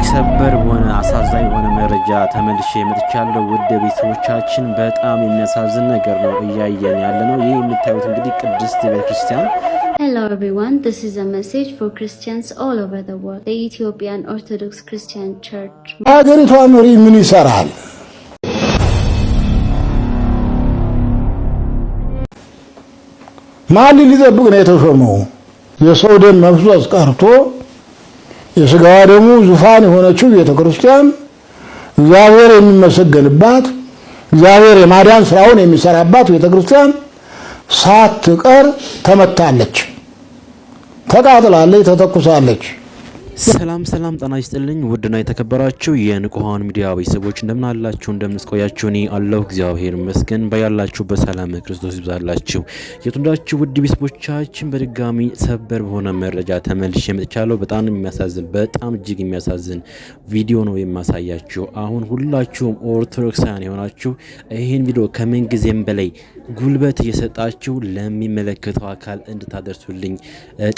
እጅግ ሰበር በሆነ አሳዛኝ የሆነ መረጃ ተመልሼ መጥቻለሁ። ውድ ቤተሰቦቻችን በጣም የሚያሳዝን ነገር ነው እያየን ያለ ነው። ይህ የምታዩት እንግዲህ ቅድስት ቤተክርስቲያን Hello everyone, this is a message for Christians all over the world. The Ethiopian Orthodox Christian Church. አገሪቷ መሪ ምን ይሰራል? ማን ሊጠብቅ ነው የተሾመው? የሰው ደም መፍሰስ ቀርቶ የስጋዋ ደግሞ ዙፋን የሆነችው ቤተ ክርስቲያን እግዚአብሔር የሚመሰገንባት እግዚአብሔር የማዳን ስራውን የሚሰራባት ቤተ ክርስቲያን ሳትቀር ተመታለች፣ ተቃጥላለች፣ ተተኩሳለች። ሰላም ሰላም፣ ጤና ይስጥልኝ ውድና የተከበራችሁ የንቁሃን ሚዲያ ቤተሰቦች እንደምን አላችሁ? እንደምንስቆያችሁ እኔ አለሁ እግዚአብሔር ይመስገን። በያላችሁ በሰላም ክርስቶስ ይብዛላችሁ። የቱንዳችሁ ውድ ቤተሰቦቻችን በድጋሚ ሰበር በሆነ መረጃ ተመልሼ መጥቻለሁ። በጣም የሚያሳዝን በጣም እጅግ የሚያሳዝን ቪዲዮ ነው የማሳያችሁ። አሁን ሁላችሁም ኦርቶዶክሳውያን የሆናችሁ ይህን ቪዲዮ ከምን ጊዜም በላይ ጉልበት እየሰጣችሁ ለሚመለከተው አካል እንድታደርሱልኝ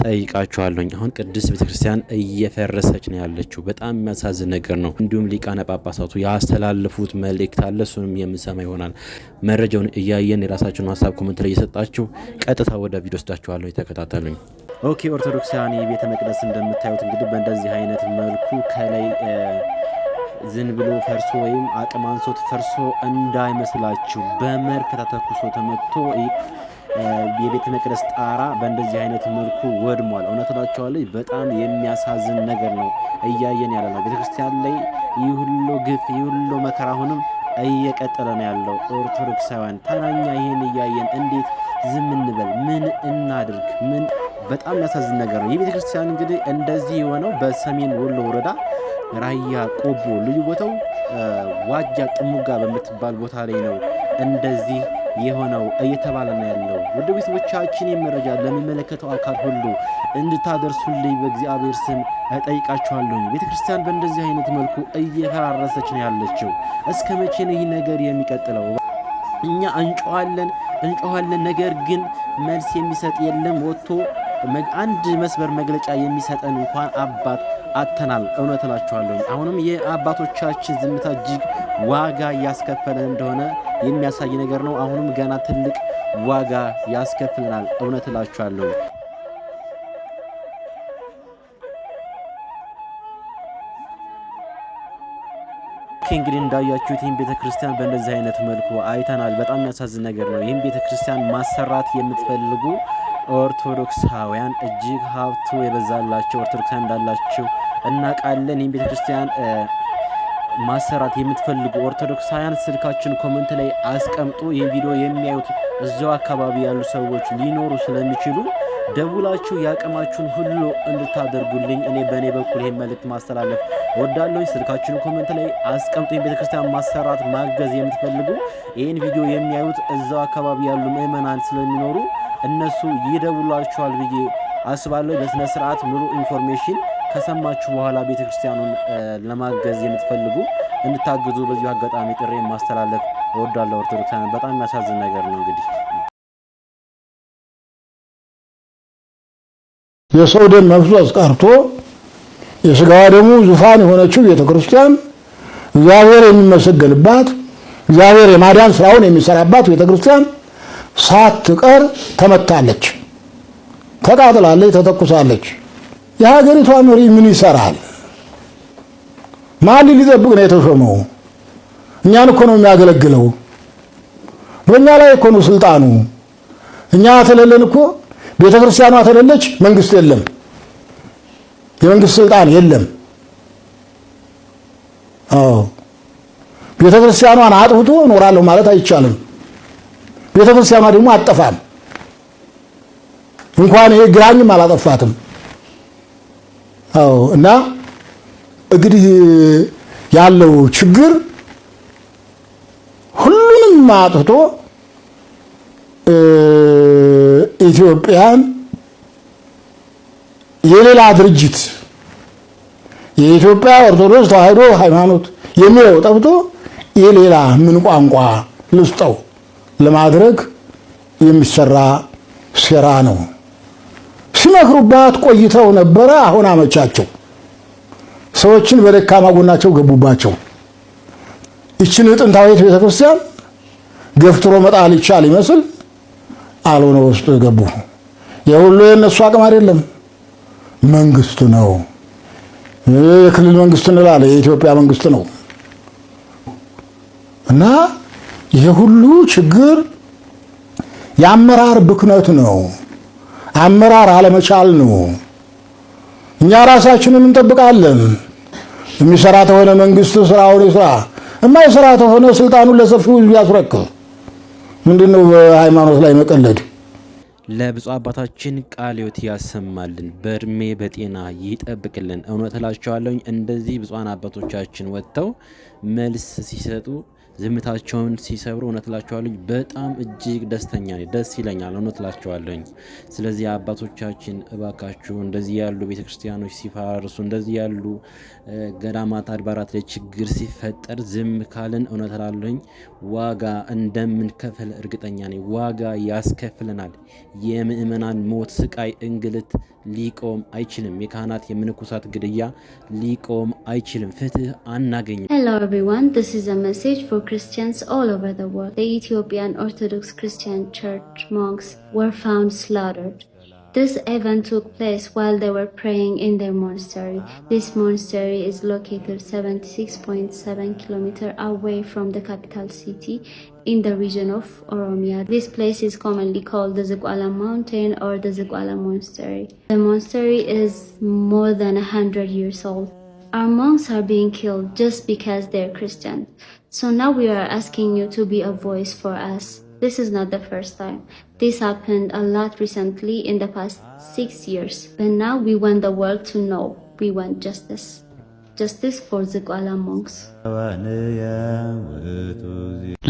ጠይቃችኋለሁኝ። አሁን ቅድስት ቤተክርስቲያን እየፈረሰች ነው ያለችው። በጣም የሚያሳዝን ነገር ነው። እንዲሁም ሊቃነ ጳጳሳቱ ያስተላለፉት መልእክት አለ። እሱንም የምንሰማ ይሆናል። መረጃውን እያየን የራሳችሁን ሀሳብ ኮመንት ላይ እየሰጣችሁ ቀጥታ ወደ ቪዲዮ ወስዳችኋለሁ። ተከታተሉኝ። ኦኬ ኦርቶዶክሳዊ ቤተ መቅደስ እንደምታዩት እንግዲህ በእንደዚህ አይነት መልኩ ከላይ ዝን ብሎ ፈርሶ ወይም አቅም አንሶት ፈርሶ እንዳይመስላችሁ በመርፍ ተተኩሶ ተመቶ የቤተ መቅደስ ጣራ በእንደዚህ አይነት መልኩ ወድሟል። እውነት እላቸዋለሁ በጣም የሚያሳዝን ነገር ነው እያየን ያለ ነው። ቤተክርስቲያን ላይ ይህ ሁሉ ግፍ ይህ ሁሉ መከራ አሁንም እየቀጠለ ነው ያለው። ኦርቶዶክሳውያን ታናኛ ይህን እያየን እንዴት ዝም እንበል? ምን እናድርግ? ምን በጣም የሚያሳዝን ነገር ነው። ይህ እንግዲህ እንደዚህ የሆነው በሰሜን ወሎ ወረዳ ራያ ቆቦ ልዩ ቦታው ዋጃ ጥሙጋ በምትባል ቦታ ላይ ነው እንደዚህ የሆነው እየተባለ ነው ያለው። ወደ ቤተሰቦቻችን የመረጃ ለሚመለከተው አካል ሁሉ እንድታደርሱልኝ በእግዚአብሔር ስም እጠይቃችኋለሁኝ። ቤተ ክርስቲያን በእንደዚህ አይነት መልኩ እየፈራረሰች ነው ያለችው። እስከ መቼ ነው ይህ ነገር የሚቀጥለው? እኛ እንጮኋለን እንጮኋለን፣ ነገር ግን መልስ የሚሰጥ የለም። ወጥቶ አንድ መስበር መግለጫ የሚሰጠን እንኳን አባት አጥተናል። እውነት እላችኋለሁ አሁንም የአባቶቻችን ዝምታ እጅግ ዋጋ እያስከፈለን እንደሆነ የሚያሳይ ነገር ነው። አሁንም ገና ትልቅ ዋጋ ያስከፍልናል። እውነት እላችኋለሁ። እንግዲህ እንዳያችሁት ይህን ቤተ ክርስቲያን በእንደዚህ አይነት መልኩ አይተናል። በጣም የሚያሳዝን ነገር ነው። ይህን ቤተ ክርስቲያን ማሰራት የምትፈልጉ ኦርቶዶክሳውያን እጅግ ሀብቱ የበዛላቸው ኦርቶዶክሳውያን እንዳላቸው እናውቃለን። ይህም ቤተክርስቲያን ማሰራት የምትፈልጉ ኦርቶዶክሳውያን ስልካችን ኮመንት ላይ አስቀምጡ። ይህ ቪዲዮ የሚያዩት እዛው አካባቢ ያሉ ሰዎች ሊኖሩ ስለሚችሉ ደውላችሁ የአቅማችሁን ሁሉ እንድታደርጉልኝ እኔ በእኔ በኩል ይህን መልእክት ማስተላለፍ ወዳለሁኝ። ስልካችን ኮመንት ላይ አስቀምጡ። ቤተክርስቲያን ማሰራት ማገዝ የምትፈልጉ ይህን ቪዲዮ የሚያዩት እዛው አካባቢ ያሉ ምእመናን ስለሚኖሩ እነሱ ይደውሏቸዋል ብዬ አስባለሁ። በስነ ስርዓት ሙሉ ኢንፎርሜሽን ከሰማችሁ በኋላ ቤተ ክርስቲያኑን ለማገዝ የምትፈልጉ እንድታግዙ በዚሁ አጋጣሚ ጥሪ ማስተላለፍ እወዳለሁ። ኦርቶዶክሳን በጣም የሚያሳዝን ነገር ነው። እንግዲህ የሰው ደም መፍሰስ ቀርቶ የስጋዋ ደሙ ዙፋን የሆነችው ቤተ ክርስቲያን እግዚአብሔር የሚመሰገንባት እግዚአብሔር የማዳን ስራውን የሚሰራባት ቤተ ክርስቲያን ሳትቀር ተመታለች፣ ተቃጥላለች፣ ተተኩሳለች። የሀገሪቷ መሪ ምን ይሰራል? ማን ሊጠብቅ ነው የተሾመው? እኛን እኮ ነው የሚያገለግለው። በእኛ ላይ እኮ ነው ስልጣኑ። እኛ ተለለን እኮ ቤተ ክርስቲያኗ ተለለች፣ መንግስት የለም፣ የመንግስት ስልጣን የለም። አዎ ቤተ ክርስቲያኗን አጥፍቶ እኖራለሁ ማለት አይቻልም። ቤተክርስቲያኗ ደግሞ አጠፋም እንኳን ይሄ ግራኝም አላጠፋትም። አዎ እና እንግዲህ ያለው ችግር ሁሉንም አጥቶ ኢትዮጵያን የሌላ ድርጅት የኢትዮጵያ ኦርቶዶክስ ተዋሕዶ ሃይማኖት የሚለው ጠብቶ የሌላ ምን ቋንቋ ልስጠው? ለማድረግ የሚሰራ ሴራ ነው። ሲመክሩባት ቆይተው ነበረ። አሁን አመቻቸው። ሰዎችን በደካማ ጎናቸው ገቡባቸው። ይችን ጥንታዊት ቤተ ክርስቲያን ገፍትሮ መጣል ይቻል ይመስል አልሆነ ውስጡ ገቡ። የሁሉ የእነሱ አቅም አይደለም። መንግስት ነው፣ የክልል መንግስት እንላለን፣ የኢትዮጵያ መንግስት ነው እና ይሄ ሁሉ ችግር የአመራር ብክነት ነው። አመራር አለመቻል ነው። እኛ ራሳችንን እንጠብቃለን። የሚሰራ ተሆነ መንግስት ስራውን ይስራ፣ የማይሰራ ተሆነ ስልጣኑን ለሰፊው ህዝብ ያስረክብ። ምንድን ነው በሃይማኖት ላይ መቀለድ? ለብፁዕ አባታችን ቃለ ሕይወት ያሰማልን፣ በእድሜ በጤና ይጠብቅልን። እውነት እላቸዋለሁ እንደዚህ ብፁዓን አባቶቻችን ወጥተው መልስ ሲሰጡ ዝምታቸውን ሲሰብሩ እውነት ላቸዋለኝ በጣም እጅግ ደስተኛ ደስ ይለኛል። እውነት ላቸዋለኝ። ስለዚህ አባቶቻችን እባካችሁ እንደዚህ ያሉ ቤተክርስቲያኖች ሲፋርሱ፣ እንደዚህ ያሉ ገዳማት አድባራት ላይ ችግር ሲፈጠር ዝም ካልን እውነት ላለኝ ዋጋ እንደምንከፍል እርግጠኛ ነኝ። ዋጋ ያስከፍለናል። የምእመናን ሞት፣ ስቃይ፣ እንግልት ሊቆም አይችልም። የካህናት የምንኩሳት ግድያ ሊቆም አይችልም። ፍትህ አናገኝም። ሄሎ ኤቭሪዋን ዚስ ኢዝ አ ሜሴጅ ፎር ክርስቲያንስ ኦል ኦቨር ዘ ወርልድ ዘ ኢትዮጵያን ኦርቶዶክስ ክርስቲያን ቸርች ሞንክስ ወር ፋውንድ ስላተርድ This event took place while they were praying in their monastery. This monastery is located 76.7 km away from the capital city in the region of Oromia. This place is commonly called the Zeguala Mountain or the Zeguala Monastery. The monastery is more than 100 years old. Our monks are being killed just because they're Christian. So now we are asking you to be a voice for us. This is not the first time. This happened a lot recently in the past six years. But now we want the world to know we want justice. Justice for the Guala monks.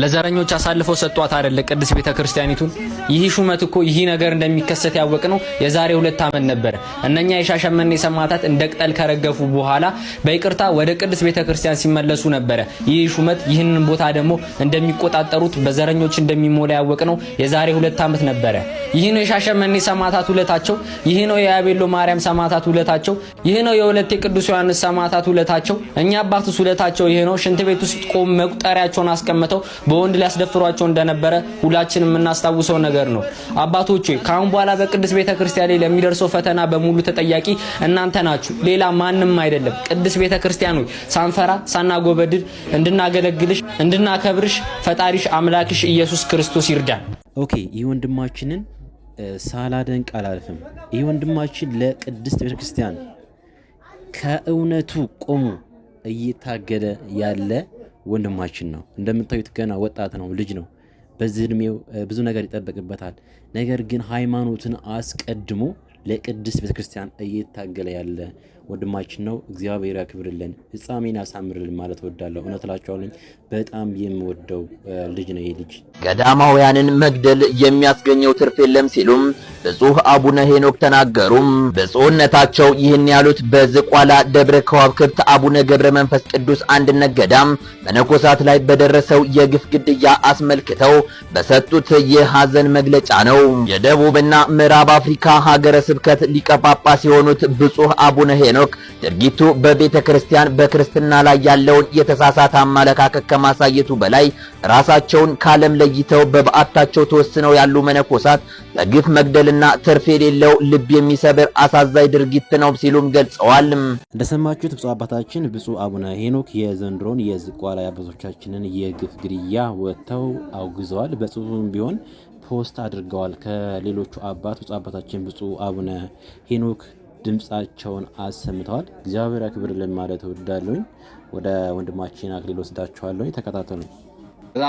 ለዘረኞች አሳልፈው ሰጧት አይደለ? ቅድስት ቤተ ክርስቲያኒቱን። ይህ ሹመት እኮ ይህ ነገር እንደሚከሰት ነው የዛሬ ሁለት ዓመት ነበረ። እነኛ የሻሸመኔ ሰማዕታት እንደ ቅጠል ከረገፉ በኋላ በይቅርታ ወደ ቅድስት ቤተ ክርስቲያን ሲመለሱ ነበረ። ይህ ሹመት ይህንን ቦታ ደግሞ እንደሚቆጣጠሩት በዘረኞች እንደሚሞላ ነው የዛሬ ሁለት ዓመት ነበረ። ይህ ነው የሻሸመኔ ሰማዕታት ውለታቸው። ይህ ነው የያቤሎ ማርያም ሰማዕታት ውለታቸው። ይህ ነው የሁለት የቅዱስ ዮሐንስ ሰማዕታት ውለታቸው። እኛ አባቶች ውለታቸው ይህ ነው ሽንት ቤት ውስጥ ቆም መቁጠሪያቸውን አስቀምጠው በወንድ ሊያስደፍሯቸው እንደነበረ ሁላችን የምናስታውሰው ነገር ነው። አባቶቼ ካሁን ከአሁን በኋላ በቅድስት ቤተ ክርስቲያን ላይ ለሚደርሰው ፈተና በሙሉ ተጠያቂ እናንተ ናችሁ፣ ሌላ ማንም አይደለም። ቅድስት ቤተ ክርስቲያን ሆይ ሳንፈራ ሳናጎበድድ እንድናገለግልሽ እንድናከብርሽ ፈጣሪሽ አምላክሽ ኢየሱስ ክርስቶስ ይርዳል። ኦኬ ይህ ወንድማችንን ሳላደንቅ አላልፍም። ይህ ወንድማችን ለቅድስት ቤተክርስቲያን ከእውነቱ ቆሙ እየታገደ ያለ ወንድማችን ነው። እንደምታዩት ገና ወጣት ነው፣ ልጅ ነው። በዚህ እድሜው ብዙ ነገር ይጠበቅበታል። ነገር ግን ሃይማኖትን አስቀድሞ ለቅድስት ቤተክርስቲያን እየታገለ ያለ ወንድማችን ነው። እግዚአብሔር ያክብርልን፣ ፍጻሜን ያሳምርልን ማለት ወዳለሁ። እውነት ላቸዋለኝ በጣም የምወደው ልጅ ነው ይህ ልጅ። ገዳማውያንን መግደል የሚያስገኘው ትርፍ የለም ሲሉም ብጹህ አቡነ ሄኖክ ተናገሩም። ብፁዕነታቸው ይህን ያሉት በዝቋላ ደብረ ከዋክብት አቡነ ገብረ መንፈስ ቅዱስ አንድነት ገዳም መነኮሳት ላይ በደረሰው የግፍ ግድያ አስመልክተው በሰጡት የሐዘን መግለጫ ነው። የደቡብና ምዕራብ አፍሪካ ሀገረ ስብከት ሊቀ ጳጳስ የሆኑት ብፁዕ አቡነ ሄኖክ ሄኖክ ድርጊቱ በቤተ ክርስቲያን በክርስትና ላይ ያለውን የተሳሳተ አመለካከት ከማሳየቱ በላይ ራሳቸውን ካለም ለይተው በበዓታቸው ተወስነው ያሉ መነኮሳት በግፍ መግደልና ትርፍ የሌለው ልብ የሚሰብር አሳዛኝ ድርጊት ነው ሲሉም ገልጸዋል። እንደሰማችሁት ብፁዕ አባታችን ብፁዕ አቡነ ሄኖክ የዘንድሮን የዝቋላ አባቶቻችንን የግፍ ግድያ ወጥተው አውግዘዋል። በጽሁፍም ቢሆን ፖስት አድርገዋል። ከሌሎቹ አባት ብፁዕ አባታችን ብፁዕ አቡነ ሄኖክ ድምፃቸውን አሰምተዋል። እግዚአብሔር ያክብርልን ማለት እወዳለሁኝ። ወደ ወንድማችን አክሊል ወስዳችኋለሁ። ተከታተሉ።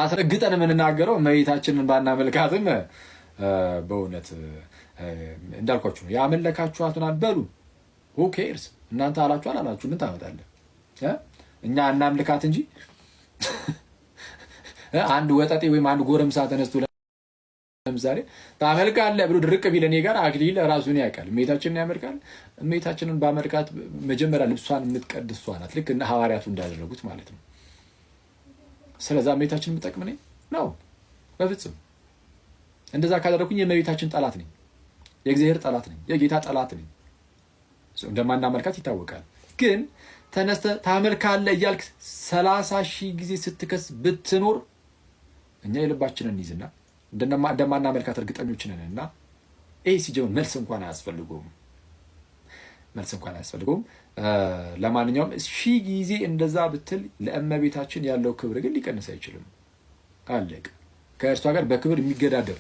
አስረግጠን የምንናገረው እመቤታችንን ባናመልካትም በእውነት እንዳልኳችሁ ነው። ያመለካችኋትን በሉ ኬርስ እናንተ አላችሁ አላላችሁ ምን ታመጣለህ? እኛ እናምልካት እንጂ አንድ ወጠጤ ወይም አንድ ጎረምሳ ተነስቶ ለምሳሌ ታመልካለህ ብሎ ድርቅ ቢል እኔ ጋር አክሊል ራሱን ያውቃል። እመቤታችንን ያመልካል። እመቤታችንን በአመልካት መጀመሪያ ልብሷን የምትቀድስ እሷ ናት። ልክ እና ሐዋርያቱ እንዳደረጉት ማለት ነው። ስለዛ እመቤታችን የምጠቅም ነኝ ነው? በፍጹም እንደዛ ካደረኩኝ የእመቤታችን ጠላት ነኝ፣ የእግዚአብሔር ጠላት ነኝ፣ የጌታ ጠላት ነኝ። እንደማናመልካት ይታወቃል። ግን ተነስተ ታመልካለህ እያልክ ሰላሳ ሺህ ጊዜ ስትከስ ብትኖር እኛ የልባችንን ይዝና እንደማናመልካት እርግጠኞች ነን እና ይህ ሲጀምር መልስ እንኳን አያስፈልጉም መልስ እንኳን አያስፈልገውም። ለማንኛውም ሺህ ጊዜ እንደዛ ብትል ለእመቤታችን ያለው ክብር ግን ሊቀንስ አይችልም። አለቅ ከእርሷ ጋር በክብር የሚገዳደር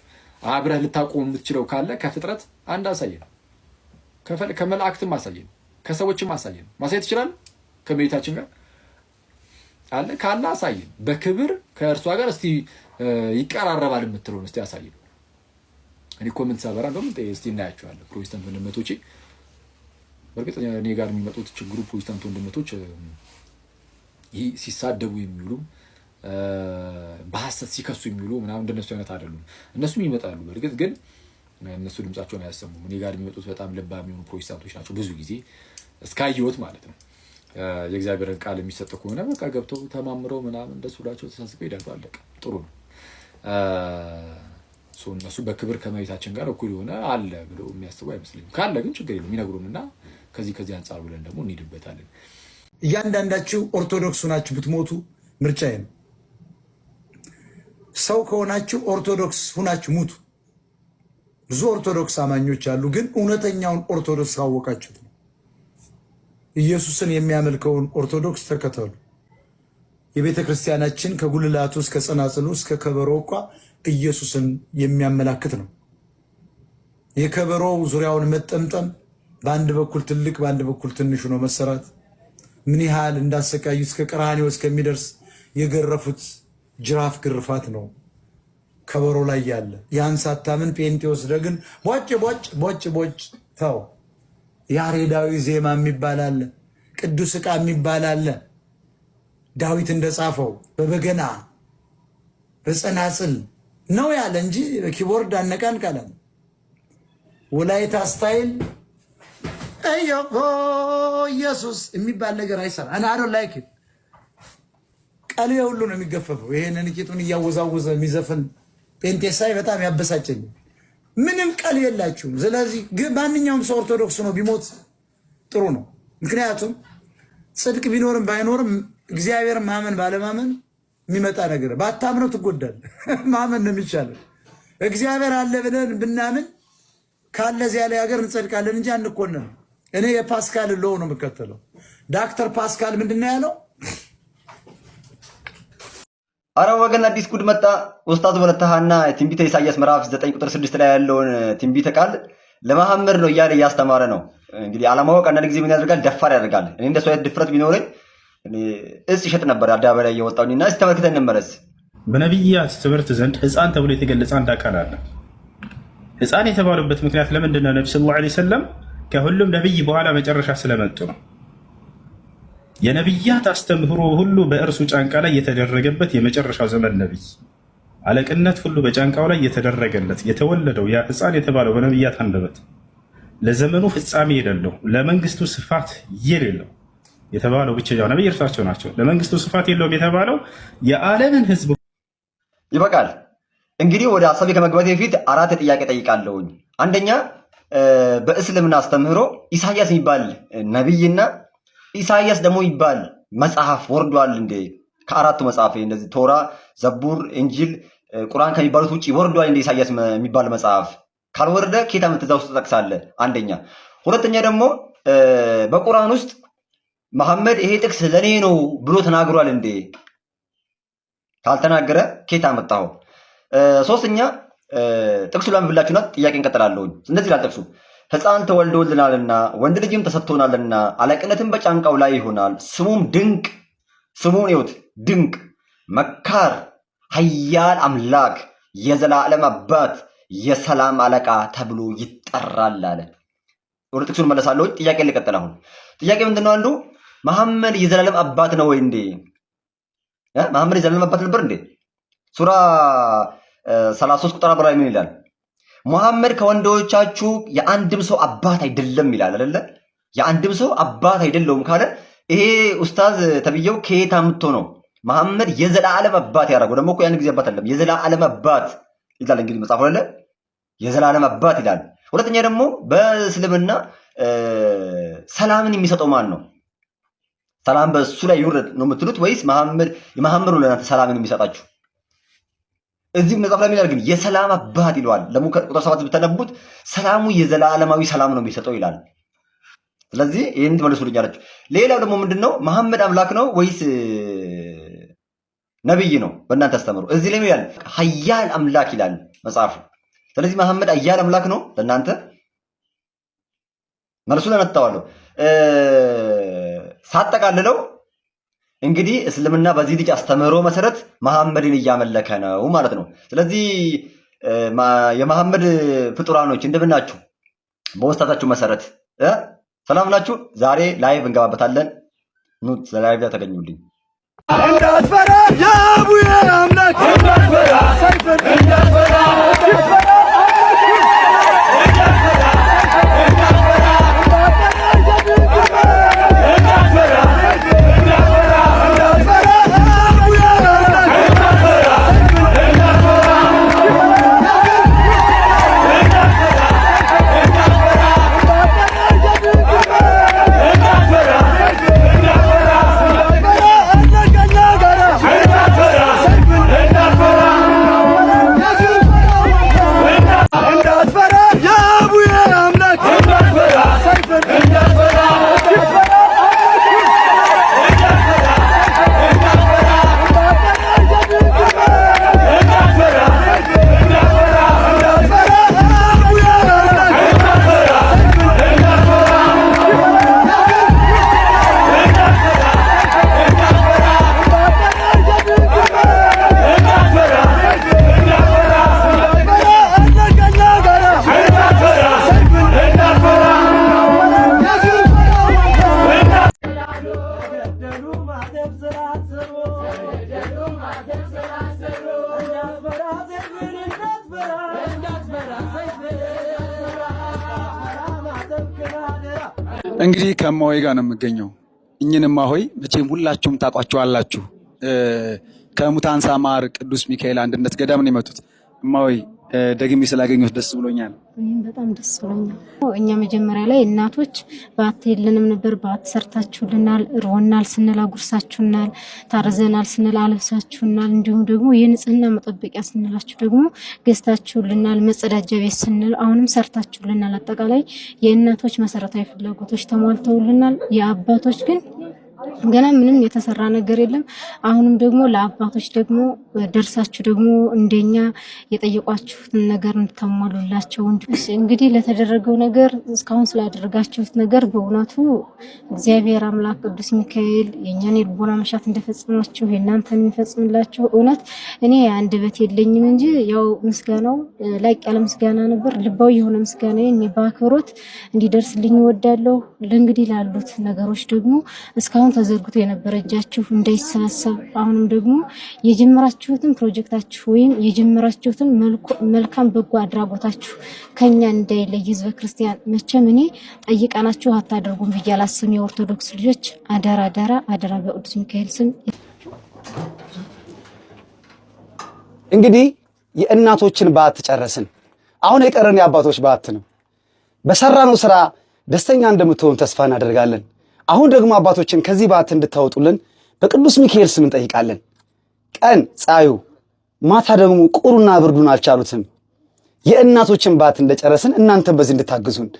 አብረህ ልታቆም የምትችለው ካለ ከፍጥረት አንድ አሳየን፣ ከመላእክትም አሳየን፣ ከሰዎችም አሳየን። ማሳየት ይችላል ከእመቤታችን ጋር አለ ካለ አሳየን በክብር ከእርሷ ጋር እስቲ ይቀራረባል የምትለውን እስቲ ያሳይ። እኔ ኮመንት ሳበራ እንደውም እስቲ እናያቸዋለን። ፕሮቴስታንት ወንድመቶቼ በእርግጠኛ እኔ ጋር የሚመጡት ችግሩ ፕሮቴስታንት ወንድመቶች ይህ ሲሳደቡ የሚውሉም በሀሰት ሲከሱ የሚውሉ ምናምን እንደነሱ አይነት አይደሉም። እነሱም ይመጣሉ በእርግጥ ግን እነሱ ድምጻቸውን አያሰሙም። እኔ ጋር የሚመጡት በጣም ልባም የሚሆኑ ፕሮቴስታንቶች ናቸው። ብዙ ጊዜ እስካየሁት ማለት ነው። የእግዚአብሔርን ቃል የሚሰጥ ከሆነ በቃ ገብተው ተማምረው ምናምን ደስ ብሏቸው ተሳስበው ይሄዳሉ። አለቀ። ጥሩ ነው። እነሱ በክብር ከመቤታችን ጋር እኩል የሆነ አለ ብሎ የሚያስቡ አይመስለኝም። ካለ ግን ችግር የለም ይነግሩን እና ከዚህ ከዚህ አንጻር ብለን ደግሞ እንሄድበታለን። እያንዳንዳችሁ ኦርቶዶክስ ሆናችሁ ብትሞቱ ምርጫዬ ነው። ሰው ከሆናችሁ ኦርቶዶክስ ሁናችሁ ሙቱ። ብዙ ኦርቶዶክስ አማኞች አሉ፣ ግን እውነተኛውን ኦርቶዶክስ ካወቃችሁት ነው ኢየሱስን የሚያመልከውን ኦርቶዶክስ ተከተሉ። የቤተ ክርስቲያናችን ከጉልላቱ እስከ ጸናጽሉ እስከ ከበሮ እኳ ኢየሱስን የሚያመላክት ነው። የከበሮው ዙሪያውን መጠምጠም በአንድ በኩል ትልቅ በአንድ በኩል ትንሽ ነው መሰራት ምን ያህል እንዳሰቃዩ እስከ ቀራንዮ እስከሚደርስ የገረፉት ጅራፍ ግርፋት ነው ከበሮ ላይ ያለ ያን ሳታምን ጴንጤ ደግን ቦጭ ቦጭ ቦጭ ቦጭ ተው። ያሬዳዊ ዜማ የሚባል አለ፣ ቅዱስ ዕቃ የሚባል አለ። ዳዊት እንደጻፈው በበገና በጸናጽል ነው ያለ እንጂ በኪቦርድ አነቃንቃለን። ወላይታ ስታይል እዮ ኢየሱስ የሚባል ነገር አይሰራ አናዶ ላይክ ቀል ሁሉ ነው የሚገፈፈው። ይሄንን ቂጡን እያወዛወዘ የሚዘፍን ጴንጤሳይ በጣም ያበሳጨኝ። ምንም ቀል የላችሁም። ስለዚህ ማንኛውም ሰው ኦርቶዶክስ ነው ቢሞት ጥሩ ነው። ምክንያቱም ጽድቅ ቢኖርም ባይኖርም እግዚአብሔር ማመን ባለማመን የሚመጣ ነገር ባታምነው ትጎዳል። ማመን ነው የሚቻለው። እግዚአብሔር አለ ብለን ብናምን ካለ እዚያ ላይ ሀገር እንጸድቃለን እንጂ አንኮነን። እኔ የፓስካል ሎው ነው የምከተለው። ዳክተር ፓስካል ምንድን ነው ያለው? አረ ወገን አዲስ ጉድ መጣ። ኡስታዝ ወለተሃና ትንቢተ ኢሳያስ ምዕራፍ 9 ቁጥር 6 ላይ ያለውን ትንቢተ ቃል ለመሐመድ ነው እያለ እያስተማረ ነው። እንግዲህ አለማወቅ አንዳንድ ጊዜ ምን ያደርጋል? ደፋር ያደርጋል። እኔ እንደሱ አይነት ድፍረት ቢኖረኝ እጽ ይሸጥ ነበር አደባባይ ላይ እየወጣሁ እና እስኪ ተመልክተን እንመለስ። በነቢያት ትምህርት ዘንድ ህፃን ተብሎ የተገለጸ አንድ አካል አለ። ህፃን የተባሉበት ምክንያት ለምንድን ነው? ነቢ ሰለላሁ ዐለይሂ ከሁሉም ነቢይ በኋላ መጨረሻ ስለመጡ ነው። የነቢያት አስተምህሮ ሁሉ በእርሱ ጫንቃ ላይ የተደረገበት የመጨረሻው ዘመን ነቢይ አለቅነት ሁሉ በጫንቃው ላይ የተደረገለት የተወለደው ያ ህፃን የተባለው በነቢያት አንደበት ለዘመኑ ፍጻሜ የሌለው ለመንግስቱ ስፋት የሌለው የተባለው ብቸኛው ነቢይ እርሳቸው ናቸው። ለመንግስቱ ስፋት የለውም የተባለው የዓለምን ህዝብ ይበቃል። እንግዲህ ወደ ሀሳቤ ከመግባት በፊት አራት ጥያቄ ጠይቃለሁኝ። አንደኛ በእስልምና አስተምህሮ ኢሳያስ የሚባል ነቢይና ኢሳያስ ደግሞ የሚባል መጽሐፍ ወርዷል እንዴ? ከአራቱ መጽሐፍ እንደዚህ ቶራ፣ ዘቡር፣ እንጂል፣ ቁርአን ከሚባሉት ውጭ ወርዷል እንዴ ኢሳያስ የሚባል መጽሐፍ? ካልወረደ ኬታ ምትዛ ውስጥ ትጠቅሳለህ? አንደኛ። ሁለተኛ ደግሞ በቁርአን ውስጥ መሐመድ ይሄ ጥቅስ ለእኔ ነው ብሎ ተናግሯል እንዴ? ካልተናገረ ኬት አመጣው? ሶስተኛ ጥቅሱ ላንብላችሁና ጥያቄ እንቀጥላለሁ። እንደዚህ ይላል ጥቅሱ ሕፃን ተወልዶልናልና ወንድ ልጅም ተሰጥቶናልና አለቅነትም በጫንቃው ላይ ይሆናል። ስሙም ድንቅ ስሙን ይሁት ድንቅ መካር፣ ኃያል አምላክ፣ የዘላለም አባት፣ የሰላም አለቃ ተብሎ ይጠራል አለ። ወደ ጥቅሱን መለሳለሁ። ጥያቄ ልቀጥል። አሁን ጥያቄ ምንድነው? አንዱ መሐመድ የዘላለም አባት ነው ወይ እንዴ? መሐመድ የዘላለም አባት ነበር እንዴ? ሱራ 33 ቁጥር አብራ ምን ይላል? መሐመድ ከወንዶቻችሁ የአንድም ሰው አባት አይደለም ይላል አይደለ? የአንድም ሰው አባት አይደለውም ካለ ይሄ ኡስታዝ ተብዬው ከየት አምጥቶ ነው መሐመድ የዘላለም አባት ያደረገው? ደግሞ እኮ ያን ጊዜ አባት አይደለም የዘላለም አባት ይላል። እንግዲህ መጽሐፍ አይደለ? የዘላለም አባት ይላል። ሁለተኛ ደግሞ በእስልምና ሰላምን የሚሰጠው ማን ነው? ሰላም በእሱ ላይ ይውረድ ነው የምትሉት ወይስ መሐመድ የመሐመድ ነው ለእናንተ ሰላምን የሚሰጣችሁ? እዚህ መጽሐፍ ላይ የሚላል ግን የሰላም አባት ይለዋል። ለሙከር ቁጥር ሰባት ብተነቡት ሰላሙ የዘላለማዊ ሰላም ነው የሚሰጠው ይላል። ስለዚህ ይህን ትመልሱልኝ አላችሁ። ሌላው ደግሞ ምንድን ነው መሐመድ አምላክ ነው ወይስ ነቢይ ነው? በእናንተ አስተምሩ። እዚህ ላይ ይላል ሀያል አምላክ ይላል መጽሐፉ። ስለዚህ መሐመድ ሀያል አምላክ ነው ለእናንተ መልሱ ለነታዋለሁ ሳጠቃልለው እንግዲህ እስልምና በዚህ ልጅ አስተምህሮ መሰረት መሐመድን እያመለከ ነው ማለት ነው። ስለዚህ የመሐመድ ፍጡራኖች እንደምናችሁ፣ በወስታታችሁ መሰረት ሰላም ናችሁ? ዛሬ ላይቭ እንገባበታለን። ኑ ላይቭ ላይ ተገኙልኝ። እንዳትፈራ የአቡዬ አምላክ እንዳትፈራ እንግዲህ ከማሆይ ጋር ነው የምገኘው። እኝን ማሆይ መቼም ሁላችሁም ታውቋቸዋላችሁ። ከሙታንሳ ማር ቅዱስ ሚካኤል አንድነት ገዳም ነው የመጡት። እማሆይ ደግሜ ስላገኘሁት ደስ ብሎኛል። በጣም ደስ ብሎኛል። እኛ መጀመሪያ ላይ እናቶች ባት የለንም ነበር። ባት ሰርታችሁልናል፣ ርቦናል ስንል አጉርሳችሁናል፣ ታርዘናል ስንል አለብሳችሁናል፣ እንዲሁም ደግሞ የንጽህና መጠበቂያ ስንላችሁ ደግሞ ገዝታችሁልናል፣ መጸዳጃ ቤት ስንል አሁንም ሰርታችሁልናል። አጠቃላይ የእናቶች መሰረታዊ ፍላጎቶች ተሟልተውልናል። የአባቶች ግን ገና ምንም የተሰራ ነገር የለም። አሁንም ደግሞ ለአባቶች ደግሞ ደርሳችሁ ደግሞ እንደኛ የጠየቋችሁትን ነገር እንድታሟሉላቸው እንግዲህ ለተደረገው ነገር እስካሁን ስላደረጋችሁት ነገር በእውነቱ እግዚአብሔር አምላክ ቅዱስ ሚካኤል የእኛን የልቦና መሻት እንደፈጽማችሁ የእናንተ የሚፈጽምላችሁ። እውነት እኔ አንደበት የለኝም እንጂ ያው ምስጋናው ላቅ ያለ ምስጋና ነበር። ልባዊ የሆነ ምስጋና በአክብሮት እንዲደርስልኝ እወዳለሁ። ለእንግዲህ ላሉት ነገሮች ደግሞ እስካሁን ተዘርግቶ የነበረ እጃችሁ እንዳይሰበሰብ አሁንም ደግሞ የጀመራችሁትን ፕሮጀክታችሁ ወይም የጀመራችሁትን መልካም በጎ አድራጎታችሁ ከኛ እንዳይለይ ህዝበ ክርስቲያን መቼም እኔ ጠይቀናችሁ አታደርጉም ብዬ አላስብም። የኦርቶዶክስ ልጆች አደራ አደራ አደራ በቅዱስ ሚካኤል ስም እንግዲህ የእናቶችን በዓት ጨረስን። አሁን የቀረን የአባቶች በዓት ነው። በሰራነው ስራ ደስተኛ እንደምትሆን ተስፋ እናደርጋለን። አሁን ደግሞ አባቶችን ከዚህ ባት እንድታወጡልን በቅዱስ ሚካኤል ስም እንጠይቃለን። ቀን ፀሐዩ፣ ማታ ደግሞ ቁሩና ብርዱን አልቻሉትም። የእናቶችን ባት እንደጨረስን እናንተ በዚህ እንድታግዙን